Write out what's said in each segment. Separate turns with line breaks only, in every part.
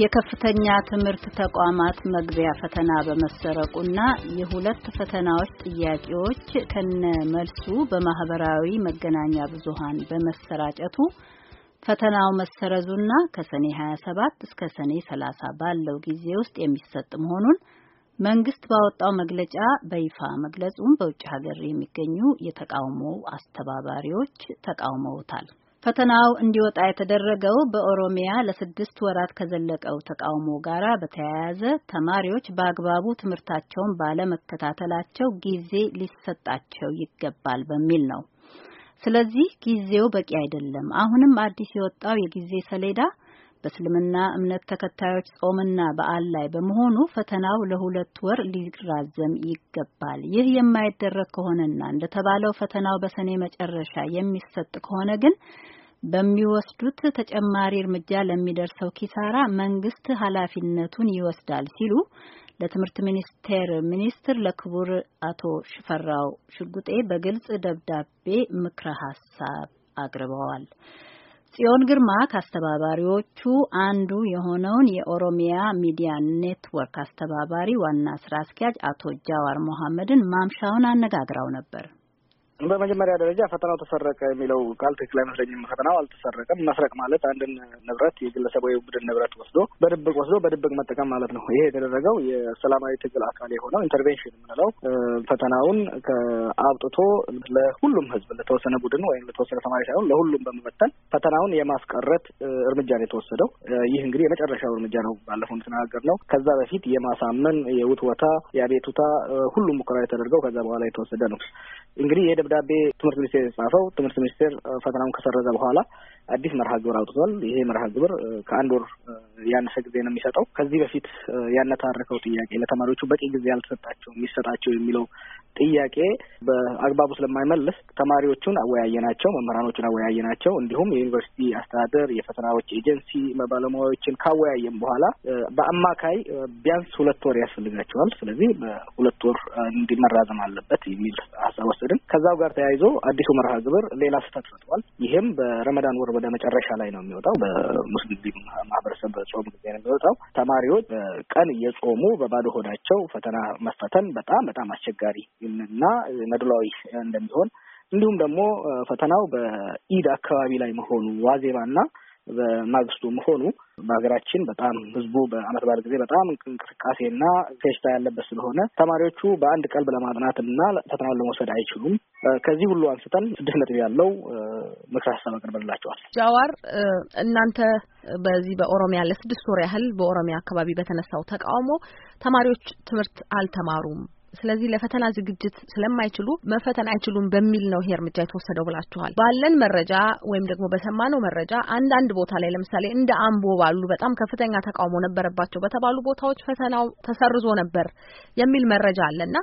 የከፍተኛ ትምህርት ተቋማት መግቢያ ፈተና በመሰረቁና የሁለት ፈተናዎች ጥያቄዎች ከነ መልሱ በማህበራዊ መገናኛ ብዙሃን በመሰራጨቱ ፈተናው መሰረዙና ከሰኔ 27 እስከ ሰኔ 30 ባለው ጊዜ ውስጥ የሚሰጥ መሆኑን መንግስት ባወጣው መግለጫ በይፋ መግለጹም በውጭ ሀገር የሚገኙ የተቃውሞ አስተባባሪዎች ተቃውመውታል። ፈተናው እንዲወጣ የተደረገው በኦሮሚያ ለስድስት ወራት ከዘለቀው ተቃውሞ ጋር በተያያዘ ተማሪዎች በአግባቡ ትምህርታቸውን ባለመከታተላቸው ጊዜ ሊሰጣቸው ይገባል በሚል ነው። ስለዚህ ጊዜው በቂ አይደለም። አሁንም አዲስ የወጣው የጊዜ ሰሌዳ በእስልምና እምነት ተከታዮች ጾምና በዓል ላይ በመሆኑ ፈተናው ለሁለት ወር ሊራዘም ይገባል። ይህ የማይደረግ ከሆነና እንደተባለው ፈተናው በሰኔ መጨረሻ የሚሰጥ ከሆነ ግን በሚወስዱት ተጨማሪ እርምጃ ለሚደርሰው ኪሳራ መንግስት ኃላፊነቱን ይወስዳል ሲሉ ለትምህርት ሚኒስቴር ሚኒስትር ለክቡር አቶ ሽፈራው ሽጉጤ በግልጽ ደብዳቤ ምክረ ሀሳብ አቅርበዋል። ጽዮን ግርማ ከአስተባባሪዎቹ አንዱ የሆነውን የኦሮሚያ ሚዲያ ኔትወርክ አስተባባሪ ዋና ስራ አስኪያጅ አቶ ጃዋር መሐመድን ማምሻውን አነጋግረው ነበር።
በመጀመሪያ ደረጃ ፈተናው ተሰረቀ የሚለው ቃል ትክክል አይመስለኝም። ፈተናው አልተሰረቀም። መስረቅ ማለት አንድን ንብረት የግለሰብ ወይ ቡድን ንብረት ወስዶ በድብቅ ወስዶ በድብቅ መጠቀም ማለት ነው። ይሄ የተደረገው የሰላማዊ ትግል አካል የሆነው ኢንተርቬንሽን የምንለው ፈተናውን ከአብጥቶ ለሁሉም ህዝብ፣ ለተወሰነ ቡድን ወይም ለተወሰነ ተማሪ ሳይሆን ለሁሉም በመበተን ፈተናውን የማስቀረት እርምጃ ነው የተወሰደው። ይህ እንግዲህ የመጨረሻው እርምጃ ነው። ባለፈው እንደተነጋገር ነው። ከዛ በፊት የማሳመን የውትወታ፣ የአቤቱታ ሁሉም ሙከራ የተደርገው ከዛ በኋላ የተወሰደ ነው። እንግዲህ ደብዳቤ ትምህርት ሚኒስቴር የተጻፈው ትምህርት ሚኒስቴር ፈተናውን ከሰረዘ በኋላ አዲስ መርሃ ግብር አውጥቷል። ይሄ መርሃ ግብር ከአንድ ወር ያነሰ ጊዜ ነው የሚሰጠው። ከዚህ በፊት ያነታረከው ጥያቄ ለተማሪዎቹ በቂ ጊዜ ያልተሰጣቸው የሚሰጣቸው የሚለው ጥያቄ በአግባቡ ስለማይመልስ ተማሪዎቹን አወያየናቸው፣ መምህራኖቹን አወያየናቸው፣ እንዲሁም የዩኒቨርሲቲ አስተዳደር የፈተናዎች ኤጀንሲ ባለሙያዎችን ካወያየም በኋላ በአማካይ ቢያንስ ሁለት ወር ያስፈልጋቸዋል። ስለዚህ በሁለት ወር እንዲመራዘም አለበት የሚል ሀሳብ ወሰድን። ከዛ ከዛው ጋር ተያይዞ አዲሱ መርሃ ግብር ሌላ ስህተት ፈጥሯል። ይህም በረመዳን ወር ወደ መጨረሻ ላይ ነው የሚወጣው። በሙስሊም ማህበረሰብ በጾም ጊዜ ነው የሚወጣው። ተማሪዎች ቀን እየጾሙ በባዶ ሆዳቸው ፈተና መፈተን በጣም በጣም አስቸጋሪ እና መድሏዊ እንደሚሆን እንዲሁም ደግሞ ፈተናው በኢድ አካባቢ ላይ መሆኑ ዋዜማና በማግስቱ መሆኑ በሀገራችን በጣም ህዝቡ በአመት በዓል ጊዜ በጣም እንቅስቃሴና ፌሽታ ያለበት ስለሆነ ተማሪዎቹ በአንድ ቀልብ ለማጥናት እና ፈተናውን ለመውሰድ አይችሉም። ከዚህ ሁሉ አንስተን ስድስት ነጥብ ያለው ምክር ሀሳብ አቅርበላቸዋል።
ጃዋር፣ እናንተ በዚህ በኦሮሚያ ለስድስት ወር ያህል በኦሮሚያ አካባቢ በተነሳው ተቃውሞ ተማሪዎች ትምህርት አልተማሩም ስለዚህ ለፈተና ዝግጅት ስለማይችሉ መፈተን አይችሉም በሚል ነው ይሄ እርምጃ የተወሰደው ብላችኋል። ባለን መረጃ ወይም ደግሞ በሰማነው መረጃ አንዳንድ ቦታ ላይ ለምሳሌ እንደ አምቦ ባሉ በጣም ከፍተኛ ተቃውሞ ነበረባቸው በተባሉ ቦታዎች ፈተናው ተሰርዞ ነበር የሚል መረጃ አለና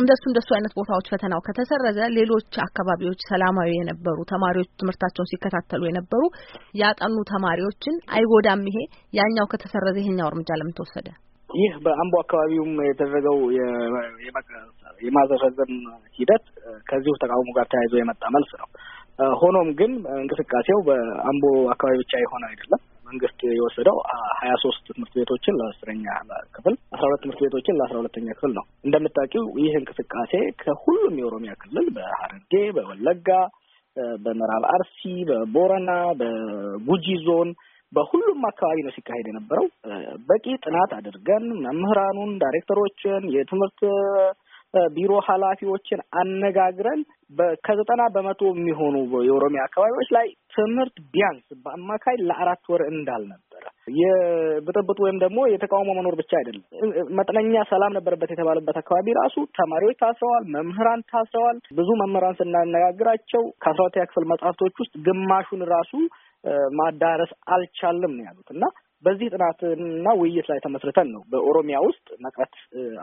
እንደሱ እንደሱ አይነት ቦታዎች ፈተናው ከተሰረዘ ሌሎች አካባቢዎች ሰላማዊ የነበሩ ተማሪዎች ትምህርታቸውን ሲከታተሉ የነበሩ ያጠኑ ተማሪዎችን አይጎዳም። ይሄ ያኛው ከተሰረዘ ይሄኛው እርምጃ ለምን ተወሰደ?
ይህ በአምቦ አካባቢውም የተደረገው የማዘረዘም ሂደት ከዚሁ ተቃውሞ ጋር ተያይዞ የመጣ መልስ ነው። ሆኖም ግን እንቅስቃሴው በአምቦ አካባቢ ብቻ የሆነ አይደለም። መንግስት የወሰደው ሀያ ሶስት ትምህርት ቤቶችን ለአስረኛ ክፍል አስራ ሁለት ትምህርት ቤቶችን ለአስራ ሁለተኛ ክፍል ነው። እንደምታውቂው ይህ እንቅስቃሴ ከሁሉም የኦሮሚያ ክልል በሀረርጌ፣ በወለጋ፣ በምዕራብ አርሲ፣ በቦረና፣ በጉጂ ዞን በሁሉም አካባቢ ነው ሲካሄድ የነበረው። በቂ ጥናት አድርገን መምህራኑን፣ ዳይሬክተሮችን፣ የትምህርት ቢሮ ኃላፊዎችን አነጋግረን ከዘጠና በመቶ የሚሆኑ የኦሮሚያ አካባቢዎች ላይ ትምህርት ቢያንስ በአማካይ ለአራት ወር እንዳልነበር ነበረ። የብጥብጥ ወይም ደግሞ የተቃውሞ መኖር ብቻ አይደለም። መጠነኛ ሰላም ነበረበት የተባለበት አካባቢ ራሱ ተማሪዎች ታስረዋል፣ መምህራን ታስረዋል። ብዙ መምህራን ስናነጋግራቸው ከአስራ ሁለተኛ ክፍል መጽሐፍቶች ውስጥ ግማሹን ራሱ ማዳረስ አልቻልም ነው ያሉት እና በዚህ ጥናትና ውይይት ላይ ተመስርተን ነው በኦሮሚያ ውስጥ መቅረት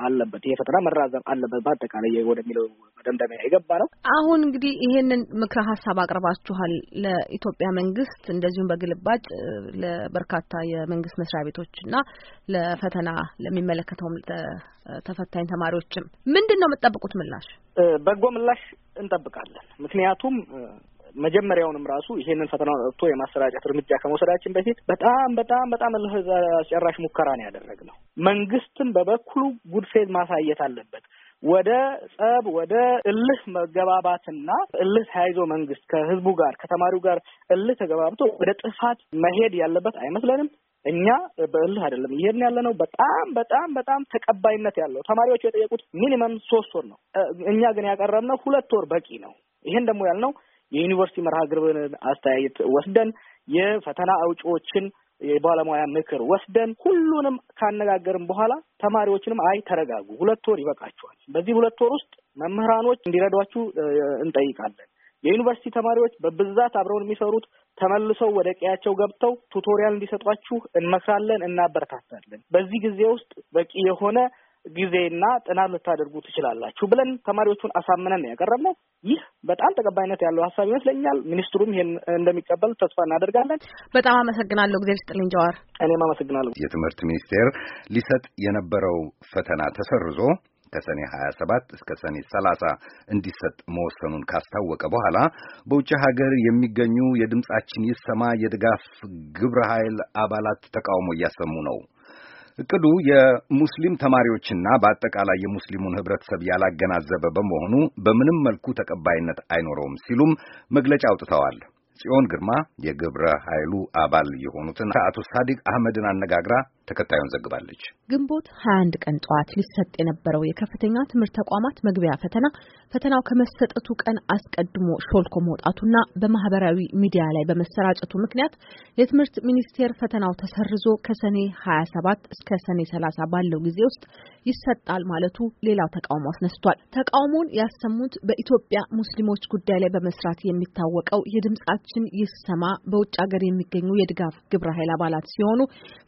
አለበት፣ ይሄ ፈተና መራዘም አለበት በአጠቃላይ ወደሚለው መደምደሚያ የገባ ነው።
አሁን እንግዲህ ይሄንን ምክረ ሀሳብ አቅርባችኋል ለኢትዮጵያ መንግስት፣ እንደዚሁም በግልባጭ ለበርካታ የመንግስት መስሪያ ቤቶች እና ለፈተና ለሚመለከተውም ተፈታኝ ተማሪዎችም ምንድን ነው የምትጠብቁት ምላሽ?
በጎ ምላሽ እንጠብቃለን። ምክንያቱም መጀመሪያውንም ራሱ ይሄንን ፈተና ወጥቶ የማሰራጨት እርምጃ ከመውሰዳችን በፊት በጣም በጣም በጣም አስጨራሽ ሙከራ ነው ያደረግነው። መንግስትም በበኩሉ ጉድፌዝ ማሳየት አለበት። ወደ ጸብ፣ ወደ እልህ መገባባትና እልህ ተያይዞ መንግስት ከህዝቡ ጋር ከተማሪው ጋር እልህ ተገባብቶ ወደ ጥፋት መሄድ ያለበት አይመስለንም። እኛ በእልህ አይደለም ይሄን ያለ ነው። በጣም በጣም በጣም ተቀባይነት ያለው ተማሪዎቹ የጠየቁት ሚኒመም ሶስት ወር ነው። እኛ ግን ያቀረብነው ሁለት ወር በቂ ነው። ይሄን ደግሞ ያልነው የዩኒቨርሲቲ መርሃ ግብርን አስተያየት ወስደን የፈተና አውጪዎችን የባለሙያ ምክር ወስደን ሁሉንም ካነጋገርን በኋላ ተማሪዎችንም አይ ተረጋጉ፣ ሁለት ወር ይበቃቸዋል በዚህ ሁለት ወር ውስጥ መምህራኖች እንዲረዷችሁ እንጠይቃለን። የዩኒቨርሲቲ ተማሪዎች በብዛት አብረውን የሚሰሩት ተመልሰው ወደ ቀያቸው ገብተው ቱቶሪያል እንዲሰጧችሁ እንመክራለን፣ እናበረታታለን። በዚህ ጊዜ ውስጥ በቂ የሆነ ጊዜና ጥናት ልታደርጉ ትችላላችሁ ብለን ተማሪዎቹን አሳምነን ነው ያቀረብነው። ይህ በጣም ተቀባይነት ያለው ሀሳብ ይመስለኛል። ሚኒስትሩም ይህን እንደሚቀበል ተስፋ እናደርጋለን።
በጣም አመሰግናለሁ። ጊዜ ስጥ ልንጀዋር እኔም አመሰግናለሁ።
የትምህርት ሚኒስቴር ሊሰጥ የነበረው ፈተና ተሰርዞ ከሰኔ 27 እስከ ሰኔ 30 እንዲሰጥ መወሰኑን ካስታወቀ በኋላ በውጭ ሀገር የሚገኙ የድምጻችን ይሰማ የድጋፍ ግብረ ኃይል አባላት ተቃውሞ እያሰሙ ነው። እቅዱ የሙስሊም ተማሪዎችና በአጠቃላይ የሙስሊሙን ህብረተሰብ ያላገናዘበ በመሆኑ በምንም መልኩ ተቀባይነት አይኖረውም ሲሉም መግለጫ አውጥተዋል። ጽዮን ግርማ የግብረ ኃይሉ አባል የሆኑትን አቶ ሳዲቅ አህመድን አነጋግራ ተከታዩን ዘግባለች።
ግንቦት 21 ቀን ጠዋት ሊሰጥ የነበረው የከፍተኛ ትምህርት ተቋማት መግቢያ ፈተና ፈተናው ከመሰጠቱ ቀን አስቀድሞ ሾልኮ መውጣቱና በማህበራዊ ሚዲያ ላይ በመሰራጨቱ ምክንያት የትምህርት ሚኒስቴር ፈተናው ተሰርዞ ከሰኔ 27 እስከ ሰኔ 30 ባለው ጊዜ ውስጥ ይሰጣል ማለቱ ሌላው ተቃውሞ አስነስቷል። ተቃውሞውን ያሰሙት በኢትዮጵያ ሙስሊሞች ጉዳይ ላይ በመስራት የሚታወቀው የድምጻችን ይሰማ በውጭ ሀገር የሚገኙ የድጋፍ ግብረ ኃይል አባላት ሲሆኑ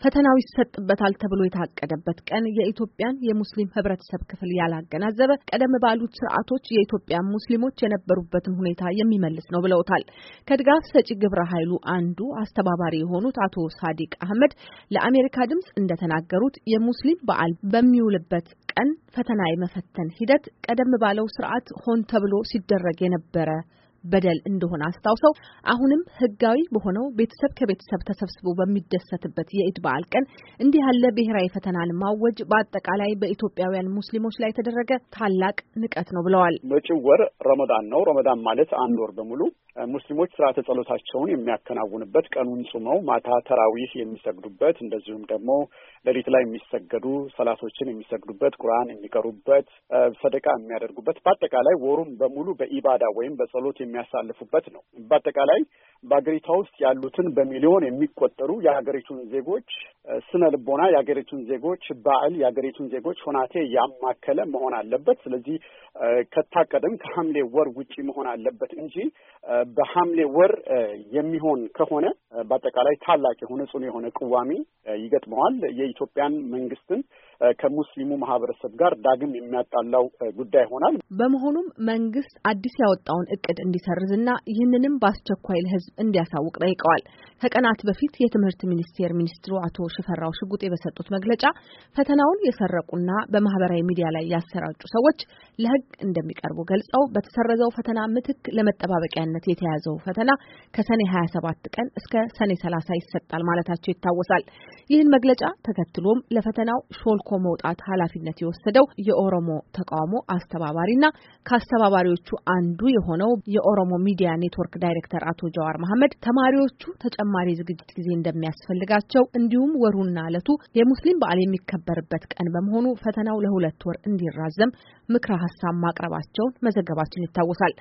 ፈተናው ይሰጥ ይሰጥበታል ተብሎ የታቀደበት ቀን የኢትዮጵያን የሙስሊም ህብረተሰብ ክፍል ያላገናዘበ ቀደም ባሉት ስርዓቶች የኢትዮጵያ ሙስሊሞች የነበሩበትን ሁኔታ የሚመልስ ነው ብለውታል። ከድጋፍ ሰጪ ግብረ ኃይሉ አንዱ አስተባባሪ የሆኑት አቶ ሳዲቅ አህመድ ለአሜሪካ ድምጽ እንደተናገሩት የሙስሊም በዓል በሚውልበት ቀን ፈተና የመፈተን ሂደት ቀደም ባለው ስርዓት ሆን ተብሎ ሲደረግ የነበረ በደል እንደሆነ አስታውሰው አሁንም ህጋዊ በሆነው ቤተሰብ ከቤተሰብ ተሰብስቦ በሚደሰትበት የኢድ በዓል ቀን እንዲህ ያለ ብሔራዊ ፈተናን ማወጅ በአጠቃላይ በኢትዮጵያውያን ሙስሊሞች ላይ የተደረገ ታላቅ ንቀት ነው
ብለዋል። መጪው ወር ረመዳን ነው። ረመዳን ማለት አንድ ወር በሙሉ ሙስሊሞች ስርዓተ ጸሎታቸውን የሚያከናውንበት ቀኑን ጾመው ማታ ተራዊህ የሚሰግዱበት እንደዚሁም ደግሞ ሌሊት ላይ የሚሰገዱ ሰላቶችን የሚሰግዱበት ቁርአን የሚቀሩበት ሰደቃ የሚያደርጉበት በአጠቃላይ ወሩን በሙሉ በኢባዳ ወይም በጸሎት የሚያሳልፉበት ነው። በአጠቃላይ በሀገሪቷ ውስጥ ያሉትን በሚሊዮን የሚቆጠሩ የሀገሪቱን ዜጎች ስነ ልቦና የሀገሪቱን ዜጎች በዓል የሀገሪቱን ዜጎች ሆናቴ ያማከለ መሆን አለበት። ስለዚህ ከታቀደም ከሐምሌ ወር ውጪ መሆን አለበት እንጂ በሐምሌ ወር የሚሆን ከሆነ በአጠቃላይ ታላቅ የሆነ ጽኑ የሆነ ቅዋሚ ይገጥመዋል። የኢትዮጵያን መንግስትን ከሙስሊሙ ማህበረሰብ ጋር ዳግም የሚያጣላው ጉዳይ ይሆናል።
በመሆኑም መንግስት አዲስ ያወጣውን እቅድ እንዲሰርዝና ይህንንም በአስቸኳይ ለህዝብ እንዲያሳውቅ ጠይቀዋል። ከቀናት በፊት የትምህርት ሚኒስቴር ሚኒስትሩ አቶ ሽፈራው ሽጉጤ በሰጡት መግለጫ ፈተናውን የሰረቁና በማህበራዊ ሚዲያ ላይ ያሰራጩ ሰዎች ለህግ እንደሚቀርቡ ገልጸው በተሰረዘው ፈተና ምትክ ለመጠባበቂያነት የተያዘው ፈተና ከሰኔ 27 ቀን እስከ ሰኔ 30 ይሰጣል ማለታቸው ይታወሳል። ይህን መግለጫ ተከትሎም ለፈተናው ሾልኮ ተልዕኮ መውጣት ኃላፊነት የወሰደው የኦሮሞ ተቃውሞ አስተባባሪና ከአስተባባሪዎቹ አንዱ የሆነው የኦሮሞ ሚዲያ ኔትወርክ ዳይሬክተር አቶ ጀዋር መሐመድ ተማሪዎቹ ተጨማሪ ዝግጅት ጊዜ እንደሚያስፈልጋቸው እንዲሁም ወሩና ዕለቱ የሙስሊም በዓል የሚከበርበት ቀን በመሆኑ ፈተናው ለሁለት ወር እንዲራዘም ምክረ ሀሳብ ማቅረባቸውን መዘገባችን ይታወሳል።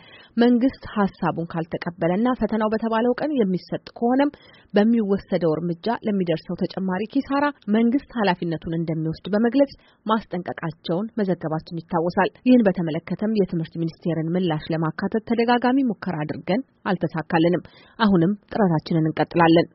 መንግስት ሀሳቡን ካልተቀበለና ፈተናው በተባለው ቀን የሚሰጥ ከሆነም በሚወሰደው እርምጃ ለሚደርሰው ተጨማሪ ኪሳራ መንግስት ኃላፊነቱን እንደሚወስድ በመግለጽ ማስጠንቀቃቸውን መዘገባችን ይታወሳል። ይህን በተመለከተም የትምህርት ሚኒስቴርን ምላሽ ለማካተት ተደጋጋሚ ሙከራ አድርገን አልተሳካልንም። አሁንም ጥረታችንን እንቀጥላለን።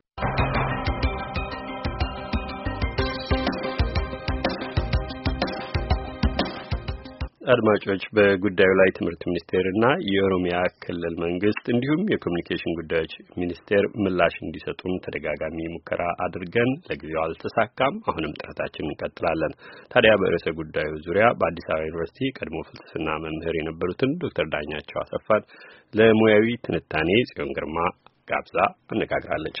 አድማጮች በጉዳዩ ላይ ትምህርት ሚኒስቴር እና የኦሮሚያ ክልል መንግስት እንዲሁም የኮሚኒኬሽን ጉዳዮች ሚኒስቴር ምላሽ እንዲሰጡን ተደጋጋሚ ሙከራ አድርገን ለጊዜው አልተሳካም። አሁንም ጥረታችን እንቀጥላለን። ታዲያ በርዕሰ ጉዳዩ ዙሪያ በአዲስ አበባ ዩኒቨርሲቲ ቀድሞ ፍልስፍና መምህር የነበሩትን ዶክተር ዳኛቸው አሰፋን ለሙያዊ ትንታኔ ጽዮን ግርማ ጋብዛ አነጋግራለች።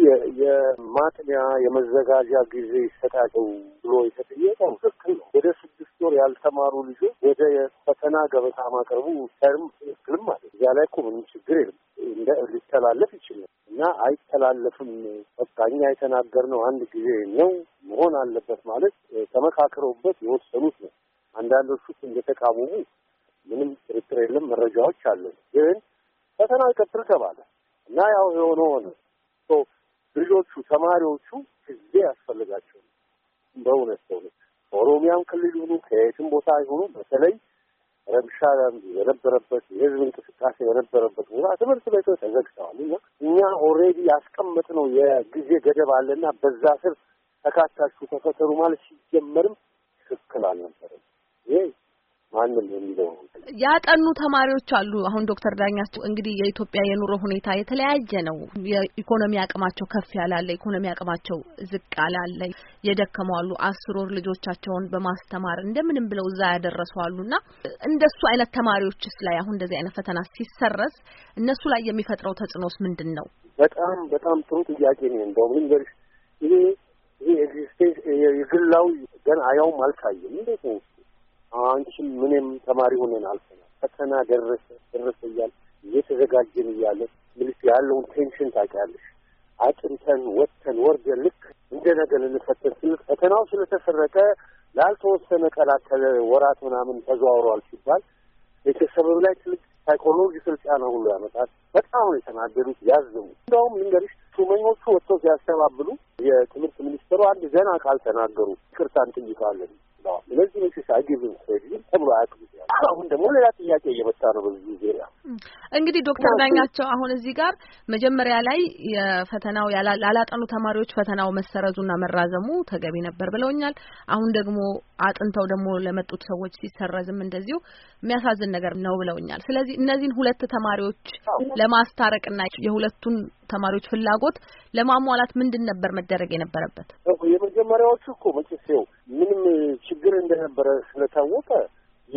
እንግዲህ የማጥሚያ የመዘጋጃ ጊዜ ይሰጣቸው ብሎ የተጠየቀው ትክክል ነው። ወደ ስድስት ወር ያልተማሩ ልጆች ወደ ፈተና ገበታ ማቅረቡ ተርም ትክክልም አለ። እዚያ ላይ እኮ ምንም ችግር የለም። እንደ ሊተላለፍ ይችላል እና አይተላለፍም። በቃ እኛ የተናገርነው አንድ ጊዜ ነው መሆን አለበት ማለት ተመካክረውበት የወሰኑት ነው። አንዳንዶቹ እንደተቃወሙ ምንም ጥርጥር የለም፣ መረጃዎች አለን። ግን ፈተና ይቀጥል ተባለ እና ያው የሆነ ሆነ። ልጆቹ ተማሪዎቹ ጊዜ ያስፈልጋቸው በእውነት በእውነት ኦሮሚያም ክልል ይሁኑ ከየትም ቦታ ይሁኑ በተለይ ረብሻ የነበረበት የህዝብ እንቅስቃሴ የነበረበት ቦታ ትምህርት ቤቶች ተዘግተዋል እና እኛ ኦልሬዲ ያስቀመጥነው የጊዜ ገደብ አለና በዛ ስር ተካታችሁ ተፈተሩ ማለት ሲጀመርም ትክክል አልነበረም። ይህ ማንም የሚለው
ያጠኑ ተማሪዎች አሉ። አሁን ዶክተር ዳኛቸው እንግዲህ የኢትዮጵያ የኑሮ ሁኔታ የተለያየ ነው። የኢኮኖሚ አቅማቸው ከፍ ያላለ፣ ኢኮኖሚ አቅማቸው ዝቅ አላለ፣ የደከሙ አሉ። አስር ወር ልጆቻቸውን በማስተማር እንደምንም ብለው እዛ ያደረሱ አሉ እና እንደሱ አይነት ተማሪዎችስ ላይ አሁን እንደዚህ አይነት ፈተና ሲሰረዝ እነሱ ላይ የሚፈጥረው ተጽዕኖስ ምንድን ነው?
በጣም በጣም ጥሩ ጥያቄ ነው። እንደውም ልንገርሽ ይሄ ይሄ ኤግዚስቴንስ የግላዊ ገና አያውም አልታየም። እንዴት ነው አንቺም ምንም ተማሪ ሆነን አልፈናል። ፈተና ደረሰ ደረሰ እያል እየተዘጋጀን እያለ ምልክ ያለውን ቴንሽን ታውቂያለሽ። አጥንተን ወጥተን ወርደን ልክ እንደ ነገ ልንፈተን ስል ፈተናው ስለተሰረቀ ላልተወሰነ ቀላት ወራት ምናምን ተዘዋውሯል ሲባል ቤተሰብም ላይ ትልቅ ሳይኮሎጂካል ጫና ሁሉ ያመጣል። በጣም ነው የተናገሩት፣ ያዘሙ። እንዲያውም ልንገርሽ ሹመኞቹ ወጥተው ሲያስተባብሉ የትምህርት ሚኒስትሩ አንድ ዜና ቃል ተናገሩ። ይቅርታ እንጠይቃለን ስለዚህ መሸሻ ግብ ሬዲም ተብሎ አያውቅም። አሁን ደግሞ ሌላ ጥያቄ እየመጣ ነው። በዚህ ጊዜ
እንግዲህ ዶክተር ዳኛቸው አሁን እዚህ ጋር መጀመሪያ ላይ የፈተናው ላላጠኑ ተማሪዎች ፈተናው መሰረዙና መራዘሙ ተገቢ ነበር ብለውኛል። አሁን ደግሞ አጥንተው ደግሞ ለመጡት ሰዎች ሲሰረዝም እንደዚሁ የሚያሳዝን ነገር ነው ብለውኛል። ስለዚህ እነዚህን ሁለት ተማሪዎች ለማስታረቅና የሁለቱን ተማሪዎች ፍላጎት ለማሟላት ምንድን ነበር መደረግ የነበረበት?
የመጀመሪያዎቹ እኮ መጭሴው ምንም ችግር እንደነበረ ስለታወቀ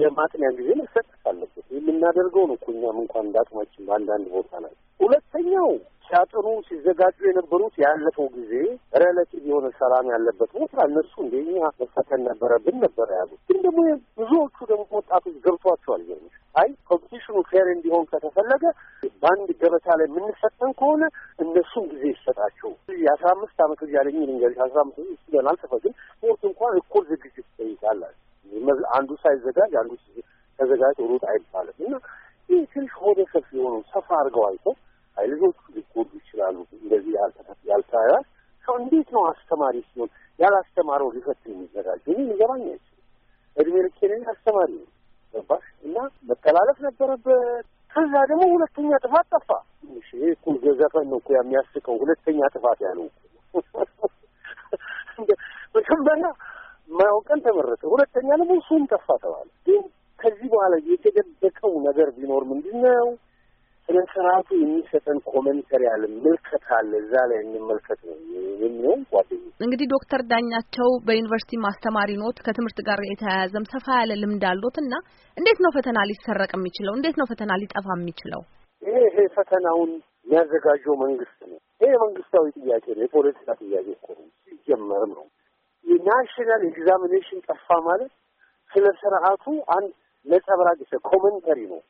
የማጥንያ ጊዜ መሰጠት አለበት። የምናደርገው ነው እኮ እኛም እንኳን እንዳጥማችን በአንዳንድ ቦታ ላይ። ሁለተኛው ሲያጥኑ ሲዘጋጁ የነበሩት ያለፈው ጊዜ ሬላቲቭ የሆነ ሰላም ያለበት ቦታ እነሱ እንደኛ መፈተን ነበረብን ነበረ ያሉት። ግን ደግሞ ብዙዎቹ ደግሞ ወጣቶች ገብቷቸዋል አይ ኮምፒቲሽኑ ፌር እንዲሆን ከተፈለገ በአንድ ገበታ ላይ የምንፈተን ከሆነ እነሱም ጊዜ ይሰጣቸው። የአስራ አምስት ዓመት ልጅ ያለኝ ልንገርሽ፣ አስራ አምስት ስለን አልተፈግም ስፖርት እንኳን እኩል ዝግጅት ይጠይቃል። አንዱ ሳይዘጋጅ አንዱ ተዘጋጅ ሩጥ አይባልም እና ይህ ትንሽ ሆደ ሰፊ የሆነው ሰፋ አድርገው አይተው አይ ልጆቹ ሊጎዱ ይችላሉ። እንደዚህ ያልተያያል ሰው እንዴት ነው አስተማሪ ሲሆን ያላስተማረው ሊፈትን የሚዘጋጅ? እኔ ሊገባኝ አይችልም። እድሜ ልኬ ነኝ አስተማሪ ነው ገባሽ እና መተላለፍ ነበረበት። ከዛ ደግሞ ሁለተኛ ጥፋት ጠፋ። ይሄ እኮ ዘፈን ነው እኮ የሚያስቀው። ሁለተኛ ጥፋት ያለው መጀመሪያ ማያውቀን ተመረጠ፣ ሁለተኛ ደግሞ እሱም ጠፋ ተባለ። ግን ከዚህ በኋላ የተደበቀው ነገር ቢኖር ምንድን ነው? ስነ ስርዓቱ የሚሰጠን ኮመንተሪ አለ፣ ምልከት አለ። እዛ ላይ እንመልከት ነው የሚሆን። ጓደኛ
እንግዲህ ዶክተር ዳኛቸው በዩኒቨርሲቲ ማስተማሪ ኖት፣ ከትምህርት ጋር የተያያዘም ሰፋ ያለ ልምድ አሎት እና እንዴት ነው ፈተና ሊሰረቅ የሚችለው? እንዴት ነው ፈተና ሊጠፋ የሚችለው?
ይሄ ይሄ ፈተናውን የሚያዘጋጀው መንግስት ነው። ይሄ መንግስታዊ ጥያቄ ነው፣ የፖለቲካ ጥያቄ እኮ ነው። ሲጀመርም ነው የናሽናል ኤግዛሚኔሽን ጠፋ ማለት ስለ ስርዓቱ አንድ ነጸብራቅ ኮመንተሪ ነው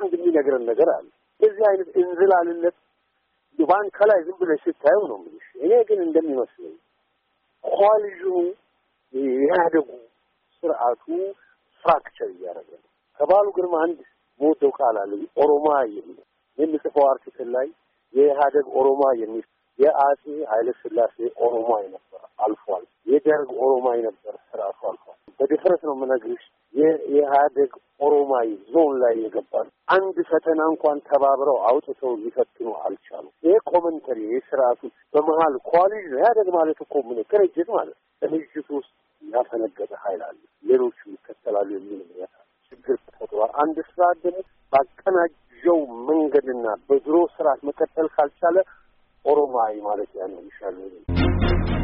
አንድ የሚነግረን ነገር አለ። በዚህ አይነት እንዝላልነት ዱባን ከላይ ዝም ብለሽ ስታየው ነው የምልሽ። እኔ ግን እንደሚመስለኝ ኮዋሊዥኑ የኢህአደጉ ስርዓቱ ፍራክቸር እያደረገ ነው። ከባሉ ግርማ አንድ መወደው ቃል አለ ኦሮማ የሚል የሚጽፈው አርቲክል ላይ የኢህአደግ ኦሮማ የሚል የአጼ ኃይለ ሥላሴ ኦሮማ ነበር አልፏል። የደርግ ኦሮማ ነበር ስርዓቱ አልፏል። በድፍረት ነው የምነግርሽ። የኢህአዴግ ኦሮማይ ዞን ላይ የገባ ነው። አንድ ፈተና እንኳን ተባብረው አውጥተው ሊፈትኑ አልቻሉ። ይሄ ኮመንተሪ የስርአቱ በመሀል ነው። ኢህአዴግ ማለት እኮ ምን ቅንጅት ማለት ቅንጅት ውስጥ ያፈነገጠ ሀይል አለ። ሌሎቹ ይከተላሉ የሚል ምክንያት ችግር ተፈጥሯል። አንድ ስርአት ደግሞ ባቀናጀው መንገድና በድሮ ስርዓት መቀጠል ካልቻለ ኦሮማይ ማለት ያ ነው ይሻሉ